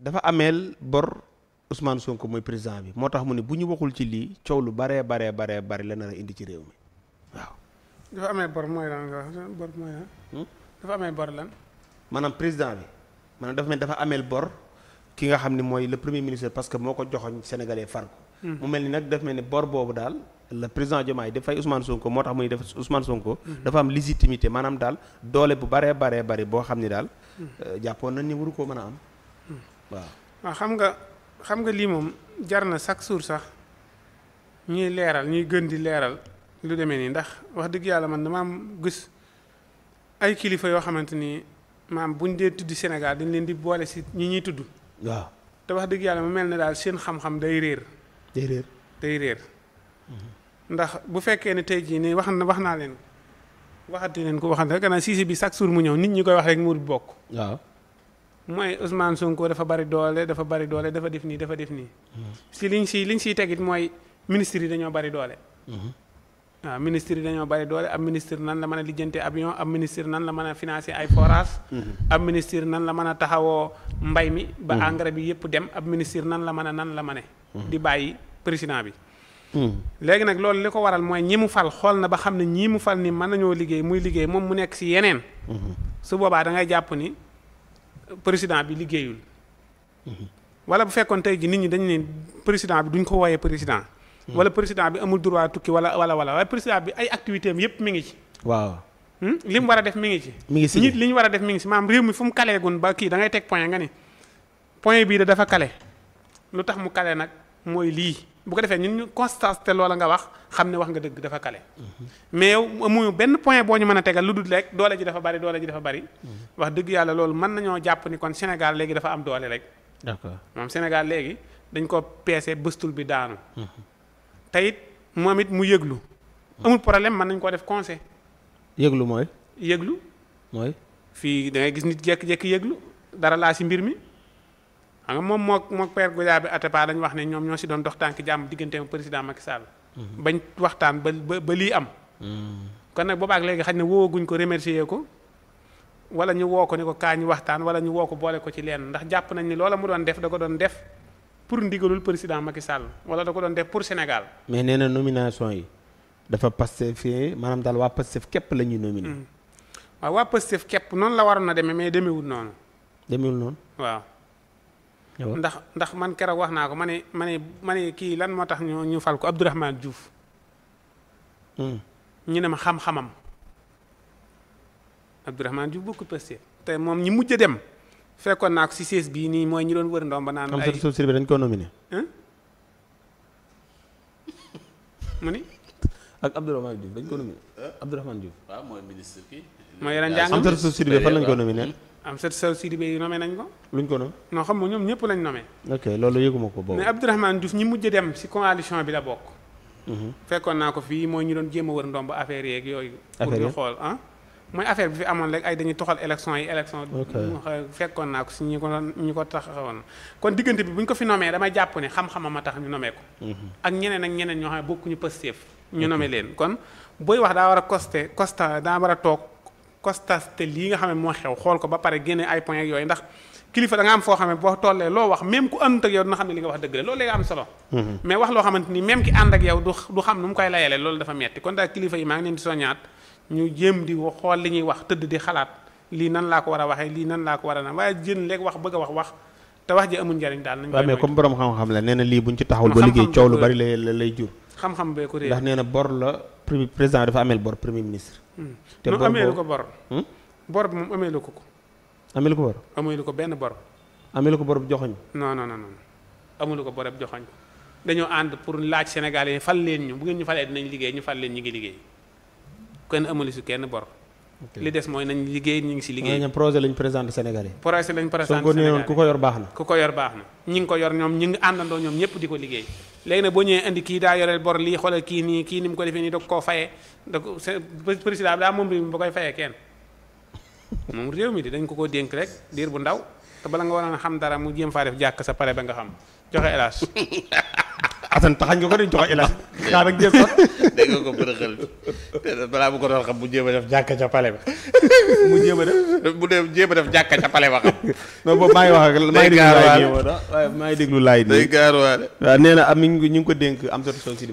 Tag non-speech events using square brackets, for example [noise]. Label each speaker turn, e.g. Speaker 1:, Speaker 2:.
Speaker 1: dafa ameel bor Ousmane Sonko mooy président bi moo tax mu ne bu ñu waxul ci lii coow lu baree baree baree bari la nar indi ci réew mi
Speaker 2: waaw. dafa amee bor mooy lan nga wax bor hmm? dafa amee bor lan.
Speaker 1: maanaam président bi maanaam dafa mel dafa ameel bor ki nga xam ne mooy le premier ministre parce que moo ko joxoñ sénégalais far
Speaker 2: ko hmm.
Speaker 1: ni nag dafa mel ni bor boobu daal le président Diomaye dafay Ousmane Sonko moo tax mu ne def usman Sonko. Hmm. dafa am légitimité maanaam daal doole bu baree baree bari boo xam ni daal. Euh, jàppoon nañ ni waru koo mën a am.
Speaker 2: waaw xam nga xam nga lii moom jar na chaque jour sax ñuy leeral ñuy gën di leeral lu demee nii ndax wax dëgg yàlla man dama am gis ay kilifa yoo xamante ni maam buñ dee tuddi Sénégal dañ leen di boole si ñi ñuy tudd. waaw te wax dëgg yàlla mu mel ne daal seen xam-xam day réer. day réer mm-hmm. ndax bu fekkee ne tey jii nii wax na wax naa leen waxati leen ko waxante rek gannaaw Cissé bi chaque jour mu ñëw nit ñi koy wax rek mu bokk. waaw mooy Ousmane Sonko dafa bari doole dafa bari doole dafa def nii dafa def nii. si liñ si liñ siy tegit mooy ministres yi dañoo bari doole. Mhm. waaw ministres yi dañoo bari doole ab ministre nan la mën a lijjante avion ab ministre nan la mën a financer ay forages. Mhm. ab ministre nan la mën a taxawoo mbay mi. ba mhm. engrais bi yëpp dem ab ministre nan la mën a nan la mën a. di bàyyi président bi. léegi nag loolu li ko waral mooy ñi mu fal xool na ba xam ne ñii mu fal ni mën nañoo liggéey muy liggéey moom mu nekk si yeneen. su boobaa da jàpp ni. président bi liggéeyul. Mhm. wala bu fekkoon tey ji nit ñi dañ ne président bi duñ ko wooyee président. Mhm. wala président bi amul droit tukki wala wala wala waaye président bi ay activité am yëpp mi ngi ci. waaw. Hmm? li mu war a def mi ngi ci. mi ngi si li ñu war a def mi ngi si maam réew mi fu mu kaleegun ba kii da ngay teg point nga ni point bii da dafa kale lu tax mu kale nag mooy lii. bu ko defee ñun ñu constat te loola nga wax xam ne wax nga dëgg dafa kale mais mu amuñu benn point boo ñu mën a tegal lu dul rek doole ji dafa bari doole ji dafa bari wax dëgg yàlla loolu mën nañoo jàpp ni kon Sénégal léegi dafa am doole rek d'accord moom Sénégal léegi dañ ko peese bëstul bi daanu mhm. te it moom it mu yëglu amul problème mën nañ koo def conseil yëglu mooy yëglu mooy fii dangay gis nit jekk-jekk yëglu dara laa si mbir mi xam moom moo mook père Goudiaby Atepa dañu wax ne ñoom ñoo si doon dox tànk jàmm digganteem président Macky Sall. Mm-hmm. bañ waxtaan ba ba lii am. Mm-hmm. kon nag boobaak léegi xaj ne wooguñ ko remercier ko wala ñu woo ko ne ko kaa ñu waxtaan wala ñu woo ko boole ko ci leen ndax jàpp nañ ni loola mu doon def da ko doon def pour ndigalul président Macky Sall wala da ko doon def pour Sénégal.
Speaker 1: mais nee na nomination yi dafa Pastef maanaam daal waa Pastef képp la ñuy nominé.
Speaker 2: Mm. waaw waa képp noonu la waroon a demee mais demewul noonu.
Speaker 1: demewul ndax
Speaker 2: ndax man keroog wax naa ko ma ne ma ne kii lan moo tax ñu ñu fal ko Abdourahmane Diouf. Hmm. ñu ne ma xam-xamam. Abdourahmane Diouf bokkul Pastef te moom ñi mujj dem fekkoon naa ko si siis bii nii mooy ñu doon wër ndomba naan. ay xam
Speaker 1: si bi dañ ko nominé.
Speaker 2: [laughs] mu ni. ak Abdourahmane Diouf dañ ko nominé Abdourahmane Diouf. waaw mooy ministre kii. mooy yeneen jàng. am fan lañ ko nominé. am sët saw Sidi Bey nommé nañ ko. luñ ko nommé. non xam nga ñoom ñëpp lañ nommé.
Speaker 1: ok loolu yëguma ko boobu. mais
Speaker 2: Abdourahmane Diouf ñi mujj dem ci coalition bi la bokk. Mhm. fekkoon naa ko fii mooy ñu doon jéem a wër ndomb affaire yeeg yooyu. Ah? bi fi amoon rek ay dañuy toxal élection yi élection. fekkoon naa ko si ñi ko ñi ko taxawoon. kon diggante bi bu ñu ko fi nomee damay jàpp ne xam-xamam a tax ñu nomee ko. Mhm. ak ñeneen ak ñeneen ñoo xam ne bokkuñu Pastef ñu nomee leen kon booy wax daa war a costé costa daa war a costas te lii nga xam moo xew xool ko ba pare génne ay point yooyu ndax kilifa da am foo xam ne boo tollee loo wax même ku àndut ak yow dina wax dëgg la loolu solo mm-hmm. mais wax loo xamante ni même ki ànd ak du xam nu mu koy layele loolu dafa metti kon daal kilifa yi maa ngi leen di soñaat ñu jéem di xool li ñuy wax tëdd di xalaat lii nan laa ko war a waxee lii nan laa ko war a na waaye jën léegi wax bëgg a wax wax te wax ji amul njariñ daal nañ waaw mais comme
Speaker 1: xam-xam la nee na lii buñ ci taxawul ba liggéey coow lu bari lay jur xam-xam bee ko réer ndax nee na bor la premier président dafa ameel bor premier ministre. Hmm. te bor ameelu ko bor.
Speaker 2: Hmm? bor bi moom ameelu ko ko. ameelu ko bor. ameelu ko benn bor.
Speaker 1: ameelu ko bor bu joxoñ.
Speaker 2: non non non ameelu ko bor bu joxoñ dañoo ànd pour laaj Sénégal yi fal leen ñu bu ngeen ñu falee dinañ liggéey ñu fal leen ñu ngi liggéey kenn amelu si kenn bor. li des mooy nañ liggéey ñu ngi si liggéey. projet
Speaker 1: lañ présenté Sénégal yi. projet lañ présenté Sénégal yi soo ko néewoon ku ko yor baax na. ku ko
Speaker 2: yor baax na ñi ngi ko yor ñoom ñi ngi àndandoo ñoom ñëpp di ko liggéey léegi nag boo ñëwee indi kii daa yore bor lii xoolal kii nii kii ni mu ko defee nii da koo fayee da ko président bi daa moom bi ba koy fayee kenn [laughs] moom réew mi di dañ ko ko dénk rek diir bu ndaw te bala nga waroon xam dara mu jéem faa def jàkk sa pare ba nga xam joxe hélas [laughs]
Speaker 1: Assane taxañ nga ko di joxe
Speaker 2: El Hadj xaar ak [laughs] nga ko balaa bu ko doon xam bu jéem a def jàkka ca pale ba. mu jéem a def mu dee jéem def jàkka ca pale ba xam. non boobu maa ngi wax ak maa ngi déglu laay nii maa ngi déglu laay nii. day gaar waale.
Speaker 1: waaw nee na am ñu ngi ko dénk am sa solo si